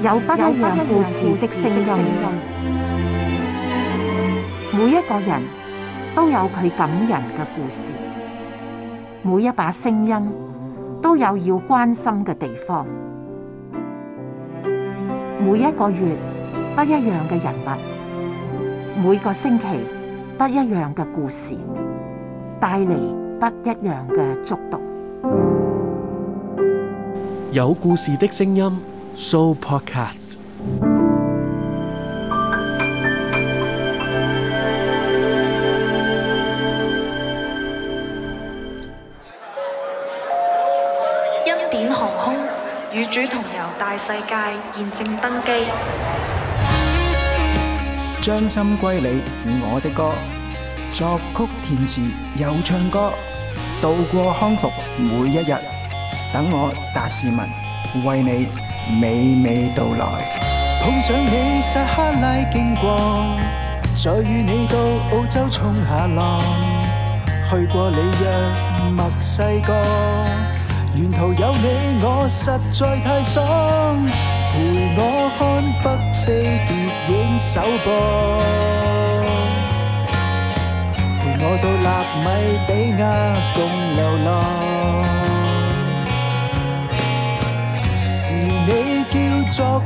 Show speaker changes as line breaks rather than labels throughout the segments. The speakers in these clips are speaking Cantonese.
有不一樣故事的聲，的聲音，每一個人都有佢感人嘅故事，每一把聲音都有要關心嘅地方，每一個月不一樣嘅人物，每個星期不一樣嘅故事，帶嚟不一樣嘅觸動。有故事的聲音。Soul Podcast。
恩典航空，
與主同遊大世界，現正登機。將心歸你，我的歌，作曲填詞又唱歌，渡過康復每一日，等我達士文，為你。娓娓道來，
碰上你撒哈拉經過，再與你到澳洲衝下浪，去過里約墨西哥，沿途有你我實在太爽， 陪我看北非諜影首播， 陪我到納米比亞共流浪。我。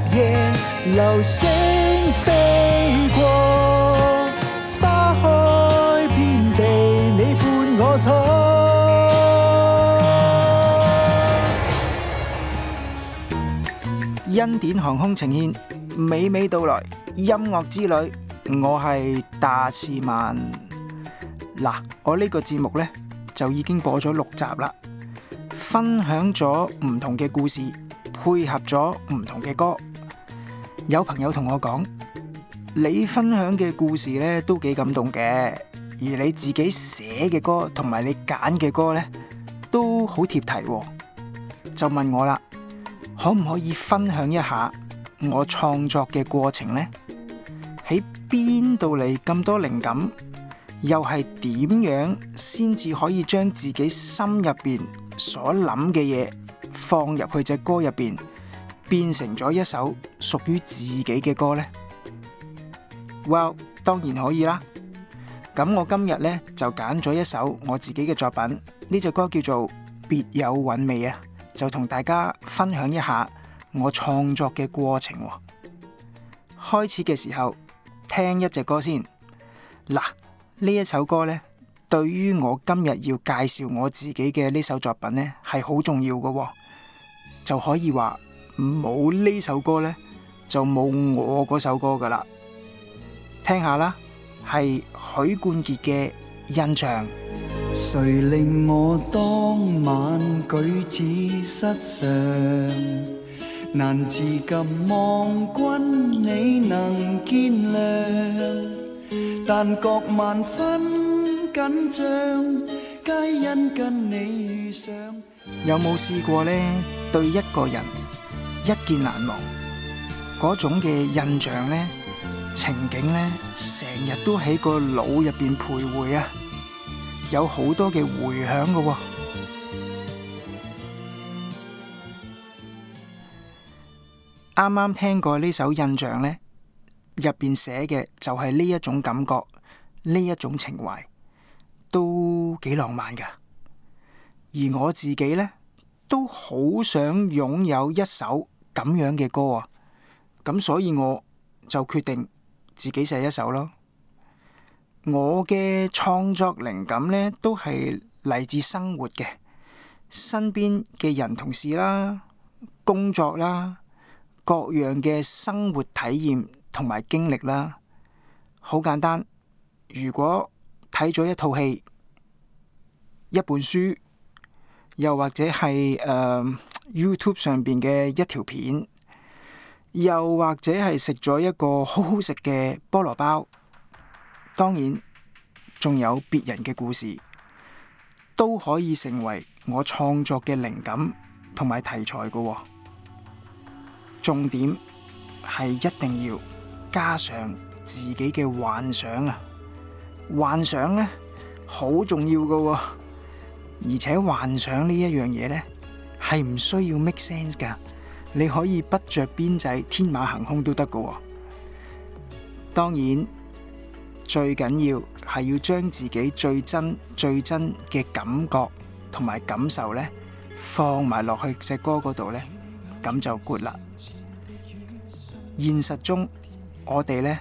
恩典航空呈現娓娓道來音樂之旅，我係達士曼。嗱，我呢個節目呢就已經播咗六集啦，分享咗唔同嘅故事。配合咗唔同嘅歌，有朋友同我講，你分享嘅故事咧都幾感動嘅，而你自己寫嘅歌同埋你揀嘅歌咧都好貼題，就問我啦，可唔可以分享一下我創作嘅過程呢？喺邊度嚟咁多靈感？又係點樣先至可以將自己心入邊所諗嘅嘢，放入去隻歌入邊，變成咗一首屬於自己嘅歌呢？Well，當然可以啦。咁我今日呢，就揀咗一首我自己嘅作品，呢隻歌叫做《別有韻味》啊，就同大家分享一下我創作嘅過程。開始嘅時候，聽一隻歌先。嗱，呢一首歌呢。對於我今日要介紹我自己嘅呢首作品呢，係好重要嘅，就可以話冇呢首歌呢，就冇我嗰首歌噶啦。聽下啦，係許冠傑嘅《印象》。誰
令我當晚舉止失常？難自禁望君你能見諒，但覺萬分。緊張，皆因跟你遇上。
有冇試過呢？對一個人一見難忘嗰種嘅印象呢，情景呢，成日都喺個腦入邊徘徊啊，有好多嘅回響㗎喎。啱啱聽過呢首《印象》呢，入邊寫嘅就係呢一種感覺，呢一種情懷。都幾浪漫噶，而我自己呢，都好想擁有一首咁樣嘅歌啊！咁所以我就決定自己寫一首咯。我嘅創作靈感呢，都係嚟自生活嘅，身邊嘅人同事啦、工作啦、各樣嘅生活體驗同埋經歷啦。好簡單，如果。睇咗一套戲，一本書，又或者係、um, YouTube 上邊嘅一條片，又或者係食咗一個好好食嘅菠蘿包。當然，仲有別人嘅故事，都可以成為我創作嘅靈感同埋題材嘅。重點係一定要加上自己嘅幻想啊！幻想呢，好重要㗎喎，而且幻想呢一樣嘢呢，係唔需要 make sense 噶，你可以不着邊際、天馬行空都得㗎喎。當然最緊要係要將自己最真、最真嘅感覺同埋感受呢，放埋落去隻歌嗰度呢，咁就 good 啦。現實中我哋呢。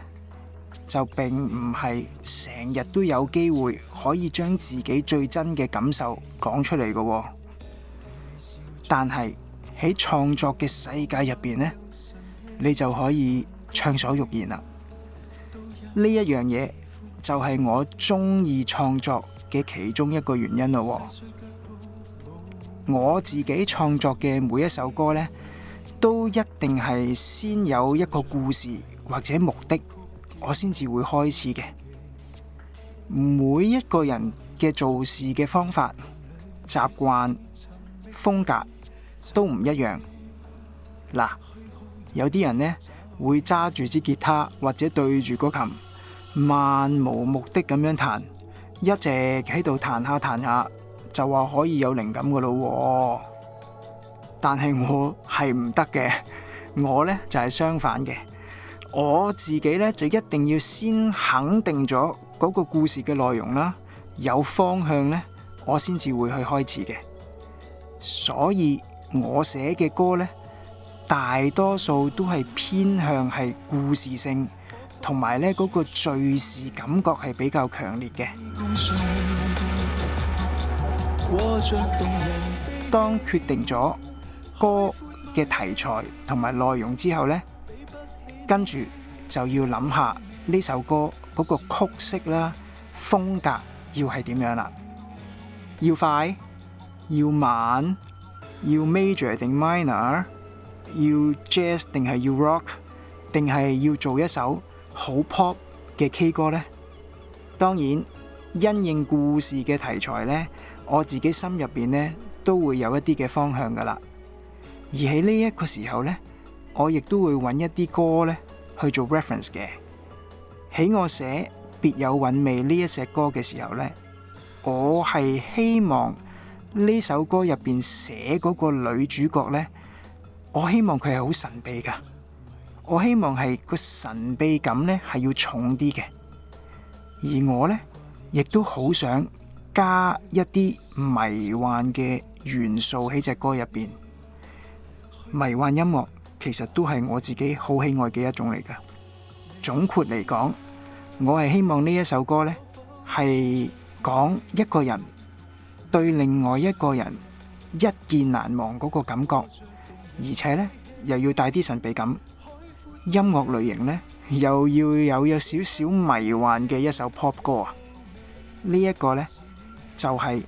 就並唔係成日都有機會可以將自己最真嘅感受講出嚟嘅，但係喺創作嘅世界入邊呢，你就可以暢所欲言啦。呢一樣嘢就係我中意創作嘅其中一個原因咯。我自己創作嘅每一首歌呢，都一定係先有一個故事或者目的。我先至會開始嘅，每一個人嘅做事嘅方法、習慣、風格都唔一樣。嗱，有啲人呢會揸住支吉他或者對住個琴，漫無目的咁樣彈，一直喺度彈下彈下，就話可以有靈感噶咯。但係我係唔得嘅，我呢就係相反嘅。我自己呢，就一定要先肯定咗嗰個故事嘅內容啦，有方向呢，我先至會去開始嘅。所以我寫嘅歌呢，大多數都係偏向係故事性，同埋呢嗰個敘事感覺係比較強烈嘅。當決定咗歌嘅題材同埋內容之後呢，跟住就要諗下呢首歌嗰個曲式啦，風格要係點樣啦，要快要慢，要 major 定 minor，要 jazz 定係要 rock，定係要做一首好 pop 嘅 K 歌呢？當然因應故事嘅題材呢，我自己心入邊呢都會有一啲嘅方向噶啦。而喺呢一個時候呢。我亦都會揾一啲歌咧去做 reference 嘅。喺我寫《別有韻味》呢一隻歌嘅時候呢，我係希望呢首歌入邊寫嗰個女主角呢，我希望佢係好神秘噶。我希望係個神秘感咧係要重啲嘅，而我呢，亦都好想加一啲迷幻嘅元素喺隻歌入邊，迷幻音樂。其實都係我自己好喜愛嘅一種嚟㗎。總括嚟講，我係希望呢一首歌呢，係講一個人對另外一個人一見難忘嗰個感覺，而且呢，又要帶啲神秘感。音樂類型呢，又要有有少少迷幻嘅一首 pop 歌啊。呢、這、一個呢，就係、是、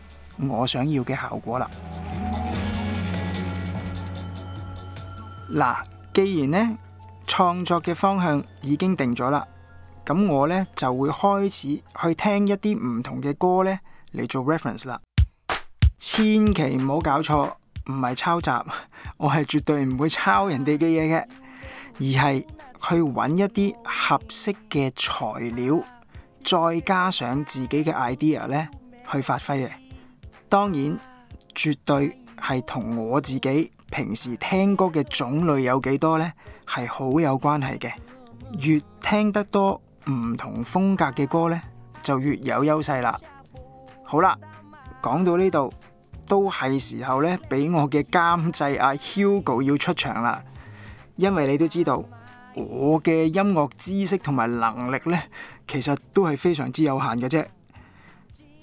我想要嘅效果啦。嗱、啊，既然呢，創作嘅方向已經定咗啦，咁我呢就會開始去聽一啲唔同嘅歌呢嚟做 reference 啦。千祈唔好搞錯，唔係抄襲，我係絕對唔會抄人哋嘅嘢嘅，而係去揾一啲合適嘅材料，再加上自己嘅 idea 呢，去發揮嘅。當然，絕對係同我自己。平時聽歌嘅種類有幾多呢？係好有關係嘅，越聽得多唔同風格嘅歌呢，就越有優勢啦。好啦，講到呢度，都係時候呢，俾我嘅監製阿 Hugo 要出場啦。因為你都知道我嘅音樂知識同埋能力呢，其實都係非常之有限嘅啫。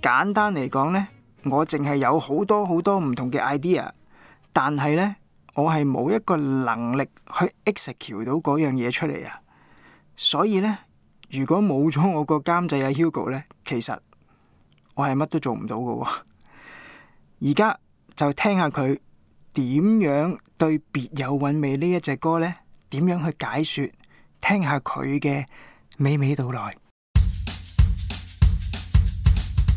簡單嚟講呢，我淨係有好多好多唔同嘅 idea，但係呢……我係冇一個能力去 execute 到嗰樣嘢出嚟啊，所以呢，如果冇咗我個監製阿 Hugo 呢，其實我係乜都做唔到㗎。而家就聽下佢點樣對別有韻味呢一隻歌呢，點樣去解說，聽下佢嘅娓娓道來。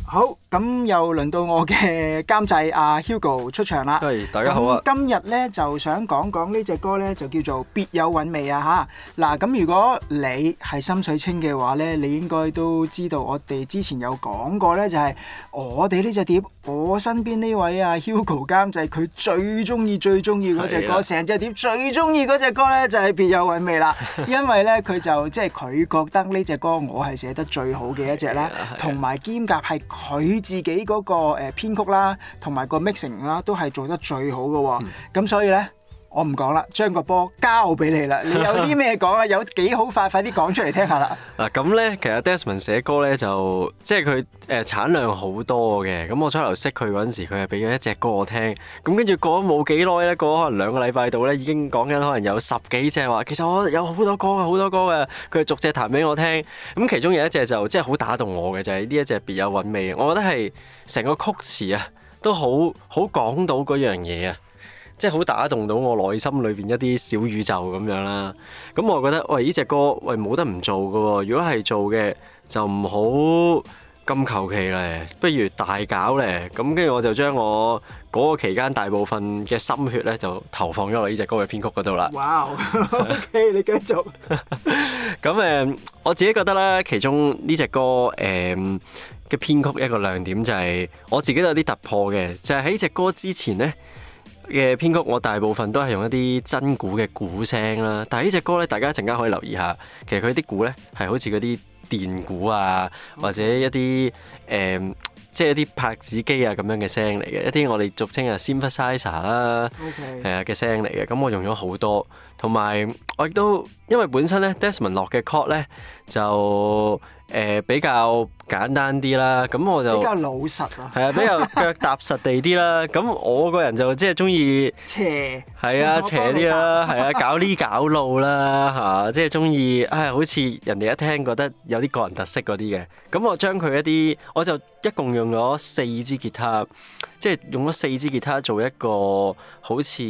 好。咁又輪到我嘅監製阿 Hugo 出場啦。係，大家好啊！今日咧就想講講呢隻歌咧，就叫做《別有韻味》啊嚇。嗱，咁如果你係心水清嘅話咧，你應該都知道我哋之前有講過咧，就係我哋呢隻碟，我身邊呢位阿 Hugo 監製，佢最中意、最中意嗰隻歌，成隻碟最中意嗰隻歌咧，就係《別有韻味》啦。因為咧，佢就即係佢覺得呢隻歌我係寫得最好嘅一隻咧，同埋兼夾係佢。自己嗰個誒編曲啦，同埋個 mixing 啦，都係做得最好嘅喎。咁、嗯、所以咧。我唔講啦，將個波交俾你啦。你有啲咩講啊？有幾好快快啲講出嚟聽下啦。
嗱，咁呢，其實 Desmond 寫歌呢，就即係佢誒產量好多嘅。咁我初頭識佢嗰陣時，佢係俾咗一隻歌我聽。咁跟住過咗冇幾耐咧，過可能兩個禮拜度呢，已經講緊可能有十幾隻話。其實我有好多歌嘅，好多歌嘅。佢係逐隻彈俾我聽。咁其中有一隻就即係好打動我嘅，就係、係、呢一隻別有韻味。我覺得係成個曲詞啊，都好好講到嗰樣嘢啊。即係好打動到我內心裏邊一啲小宇宙咁樣啦，咁我覺得喂，呢隻歌喂，冇得唔做噶。如果係做嘅就唔好咁求其咧，不如大搞咧，咁跟住我就將我嗰個期間大部分嘅心血咧就投放咗喺呢隻歌嘅編曲嗰度啦。
哇、wow！OK， 你繼繼續。
咁 誒，我自己覺得咧，其中呢隻歌誒嘅編曲一個亮點就係我自己都有啲突破嘅，就係喺呢隻歌之前呢。嘅編曲我大部分都係用一啲真鼓嘅鼓聲啦，但係呢隻歌咧，大家陣間可以留意下，其實佢啲鼓咧係好似嗰啲電鼓啊，或者一啲誒，即、嗯、係、就是、一啲拍子機啊咁樣嘅聲嚟嘅，一啲我哋俗稱啊 synthesizer 啦，係啊嘅聲嚟嘅，咁我用咗好多，同埋我亦都因為本身咧 Desmond 落嘅曲咧就。誒、呃、比較簡單啲啦，咁我就比較
老實咯、啊，係啊，比較腳
踏實地啲啦。咁 我個人就即係中意
斜，係啊，斜啲啦，係 啊，搞呢
搞路啦，嚇、啊，即係中意，唉、哎，好似人哋一聽覺得有啲個人特色嗰啲嘅。咁我將佢一啲，我就一共用咗四支吉他，即、就、係、是、用咗四支吉他做一個好似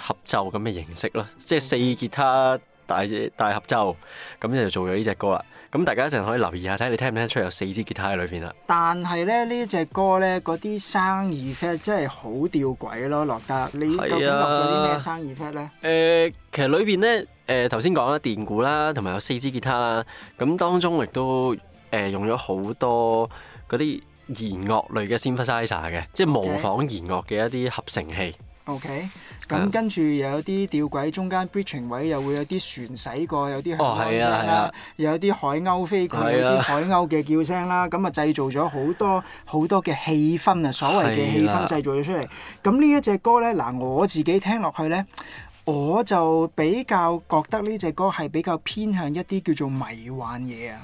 合奏咁嘅形式啦，即、就、係、是、四吉他。大大合奏，咁就做咗呢隻歌啦。咁大家一陣可以留意一下，睇你聽唔聽出有四支吉他喺裏邊啦。
但係咧呢隻歌咧，嗰啲 sound effect 真係好吊鬼咯，落得你究竟落咗啲咩 sound effect 咧？誒、
啊呃，其實裏邊咧，誒頭先講啦，電鼓啦，同埋有，有四支吉他啦。咁當中亦都誒、呃、用咗好多嗰啲弦樂類嘅 synthesizer 嘅，即係模仿弦樂嘅一啲合成器。
OK, okay。咁跟住又有啲吊軌，中間 bridging 位又會有啲船駛過，有啲、哦啊啊、海浪聲啦，又有啲海鷗飛過，啊、有啲海鷗嘅叫聲啦，咁啊就製造咗好多好多嘅氣氛啊，所謂嘅氣氛製造咗出嚟。咁呢一隻歌呢，嗱我自己聽落去呢，我就比較覺得呢隻歌係比較偏向一啲叫做迷幻嘢啊。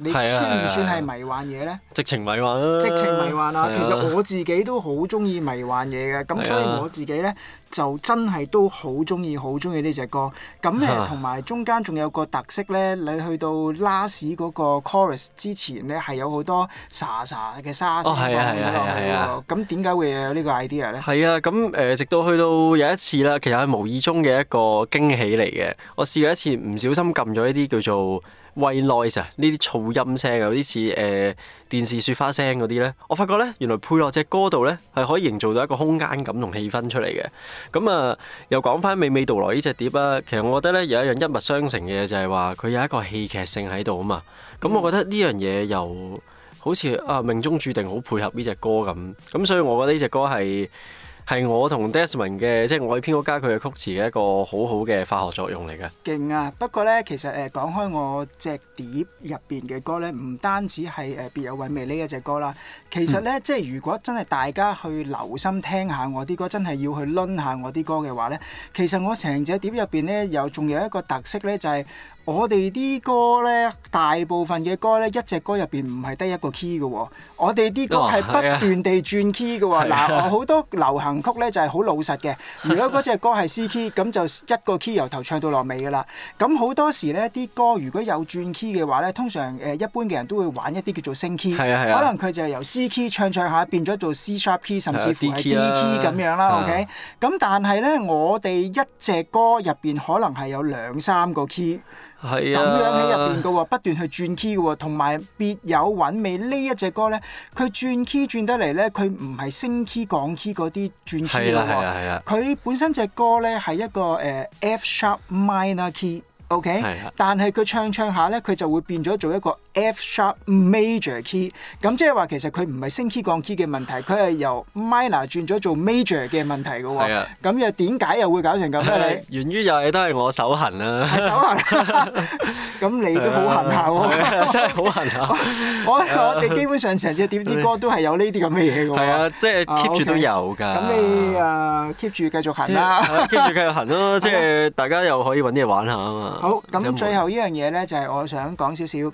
你
算唔算係迷
幻嘢咧？
直情迷幻啦！直情迷幻啊！其實我
自己都好中意迷幻嘢嘅，咁所以我自己咧就真係都好中意、好中意呢隻歌。咁咧同埋中間仲有個特色咧，你去到 last 嗰個 chorus 之前咧，係有好多沙沙嘅沙聲混咗落去咯。咁點解會有呢個 idea 咧？
係啊，咁誒，直到去到有一次啦，其實係無意中嘅一個驚喜嚟嘅。我試過一次唔小心撳咗一啲叫做。White noise 呢啲噪音聲，有啲似誒電視雪花聲嗰啲呢。我發覺呢，原來配落隻歌度呢，係可以營造到一個空間感同氣氛出嚟嘅。咁啊，又講翻娓娓道來呢隻碟啊。其實我覺得呢，有一樣一脈相承嘅嘢，就係話佢有一個戲劇性喺度啊嘛。咁我覺得呢樣嘢又好似啊命中注定好配合呢隻歌咁。咁所以我覺得呢隻歌係。係我同 Desmond 嘅，即係我係編曲家，佢嘅曲詞嘅一個好好嘅化學作用嚟嘅。
勁啊！不過呢，其實誒講開我隻碟入邊嘅歌呢，唔單止係誒別有韻味呢一隻歌啦。其實呢，即係，嗯，如果真係大家去留心聽下我啲歌，真係要去 run 下我啲歌嘅話呢，其實我成隻碟入邊呢，有仲有一個特色呢，就係。我哋啲歌咧，大部分嘅歌咧，一隻歌入邊唔係得一個 key 嘅，哦。我哋啲歌係不斷地轉 key 嘅。嗱、哦，好、啊啊啊、多流行曲咧就係、是、好老實嘅。如果嗰隻歌係 C key，咁 就一個 key 由頭唱到落尾噶啦。咁好多時咧，啲歌如果有轉 key 嘅話咧，通常誒、呃、一般嘅人都會玩一啲叫做升 key，啊。可能佢就係由 C key 唱唱下變咗做 C sharp key，甚至乎係 D key 咁樣啦，啊。OK，咁，啊，但係咧，我哋一隻歌入邊可能係有兩三個 key。係啊，咁樣喺入邊嘅喎，不斷去轉 key 嘅喎，同埋別有韻味呢一隻歌咧，佢轉 key 轉得嚟咧，佢唔係升 key 降 key 嗰啲轉 key 嘅喎，佢、係啊係啊係啊係啊、本身隻歌咧係一個誒、呃、F sharp minor key。O.K.，是、啊、但係佢唱唱下呢，佢就會變咗做一個 F sharp major key。咁即係話其實佢唔係升 key 降 key 嘅問題，佢係由 minor 轉咗做 major 嘅問題㗎喎。咁、啊、又點解又會搞成咁你，
源、啊、於又係都係我手痕啦、啊。係、啊、手痕。咁、 啊、你都好痕
下喎，啊、 真係
好痕下。我、啊、我哋 基本
上成隻碟啲歌都係有呢啲咁嘅嘢㗎喎。係啊，啊，、就
是 uh, 啊， 啊，即係 keep 住都有㗎。咁你
keep 住繼續行啦。
keep 住繼續行咯，即係大家又可以揾啲嘢玩下啊嘛。好咁，最後
呢樣嘢呢，就係我想講少少。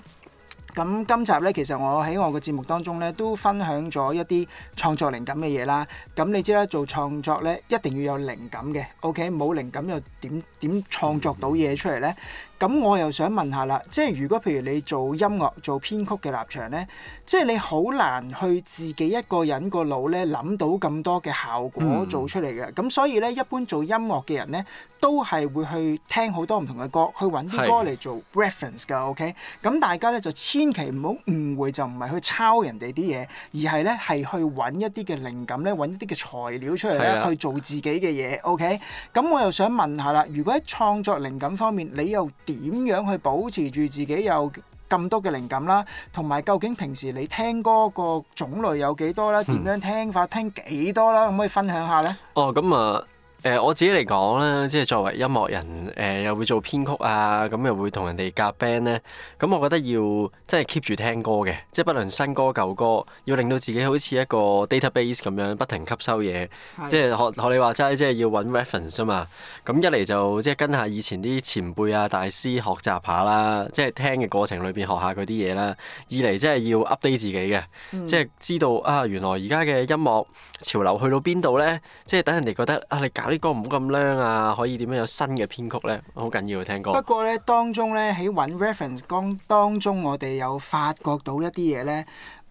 咁今集呢，其實我喺我個節目當中呢，都分享咗一啲創作靈感嘅嘢啦。咁你知啦，做創作呢，一定要有靈感嘅。OK，冇靈感又點點創作到嘢出嚟呢？咁我又想問下啦，即係如果譬如你做音樂做編曲嘅立場呢，即係你好難去自己一個人個腦呢諗到咁多嘅效果做出嚟嘅，咁、嗯、所以呢，一般做音樂嘅人呢，都係會去聽好多唔同嘅歌，去揾啲歌嚟做 reference 㗎。OK 咁大家呢就千祈唔好誤會，就唔係去抄人哋啲嘢，而係呢係去揾一啲嘅靈感呢，揾一啲嘅材料出嚟呢去做自己嘅嘢，OK？咁我又想問下啦，如果喺創作靈感方面，你又？點樣去保持住自己有咁多嘅靈感啦？同埋究竟平時你聽歌個種類有幾多啦？點樣聽法，嗯、聽幾多啦？可唔可以分享下呢？
哦，咁啊，呃，我自己嚟講咧，即係作為音樂人，誒，呃，又會做編曲啊，咁又會同人哋夾 band 呢。咁我覺得要。即係 keep 住聽歌嘅，即係不論新歌舊歌，要令到自己好似一個 database 咁樣不停吸收嘢，即係學學你話齋，即係要揾 reference 啊嘛。咁一嚟就即係跟下以前啲前輩啊、大師學習下啦，即係聽嘅過程裏面學下嗰啲嘢啦。二嚟即係要 update 自己嘅，即係知道啊，原來而家嘅音樂潮流去到邊度呢？即係等人哋覺得啊，你搞啲歌唔好咁靚呀，啊，可以點樣有新嘅編曲呢？好緊要聽歌。不
過呢，當中呢，喺揾 reference 當中，我哋有發覺到一啲嘢咧。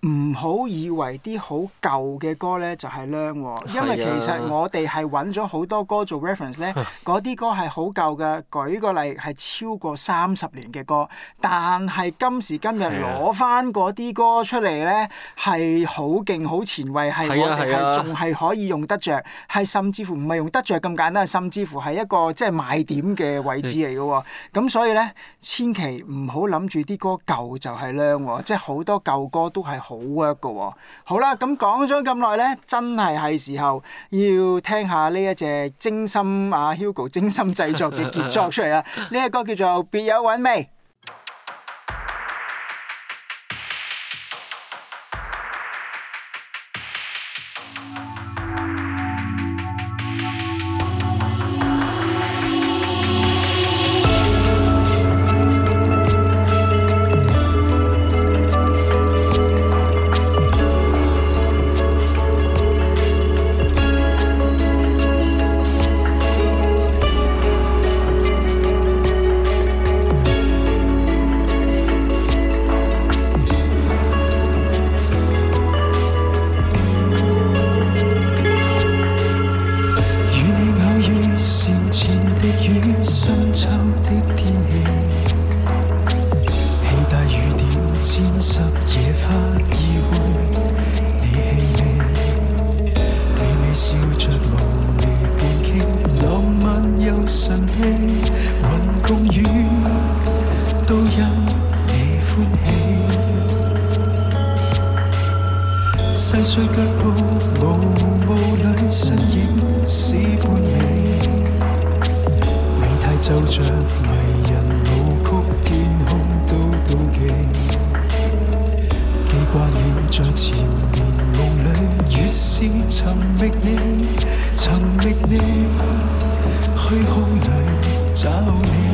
唔好以為啲好舊嘅歌咧就係靚，因為其實我哋係揾咗好多歌做 reference 咧，啲歌係好舊嘅。舉個例係超過三十年嘅歌，但係今時今日攞翻啲歌出嚟咧係好勁好前衛係我哋係仲係可以用得着係甚至乎唔係用得着咁簡單，甚至乎係一個即係賣點嘅位置嚟嘅喎。咁所以咧，千祈唔好諗住啲歌舊就係靚，即係好多舊歌都係好。Work 好 work 嘅喎，好啦，咁講咗咁耐咧，真係係時候要聽一下呢一隻精心啊 Hugo 精心製作嘅傑作出嚟啦，呢 個歌叫做別有韻味。
就像迷人舞曲，天空都妒忌，記掛你在纏綿夢裡，越是尋覓你，尋覓你，虛空裡找你。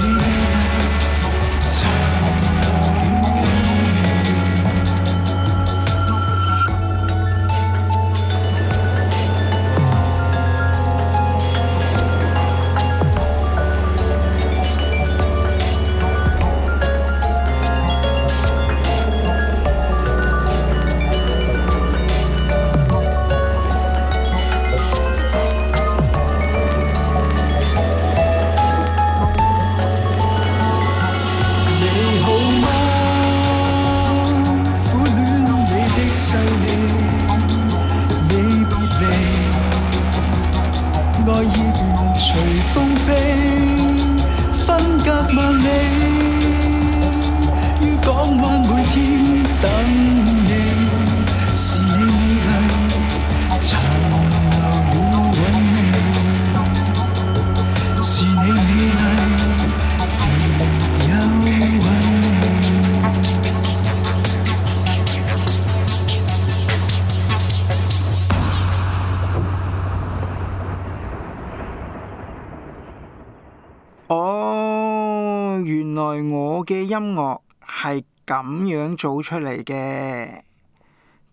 係咁樣做出嚟嘅，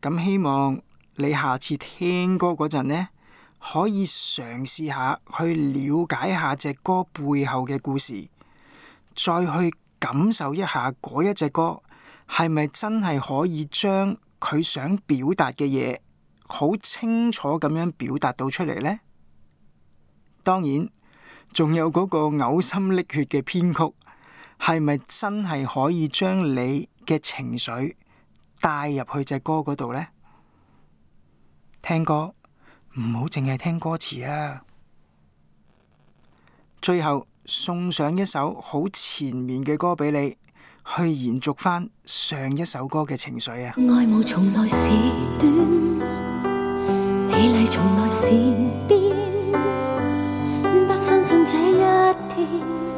咁希望你下次聽歌嗰陣呢，可以嘗試下去了解下隻歌背後嘅故事，再去感受一下嗰一隻歌係咪真係可以將佢想表達嘅嘢好清楚咁樣表達到出嚟呢？當然，仲有嗰個嘔心瀝血嘅編曲。係咪真係可以將你嘅情緒帶入去隻歌嗰度呢？聽歌唔好淨係聽歌詞啊！最後送上一首好前面嘅歌俾你，去延續翻上一首歌嘅情緒啊！
愛慕從來是短，美麗從來是變，不相信這一天。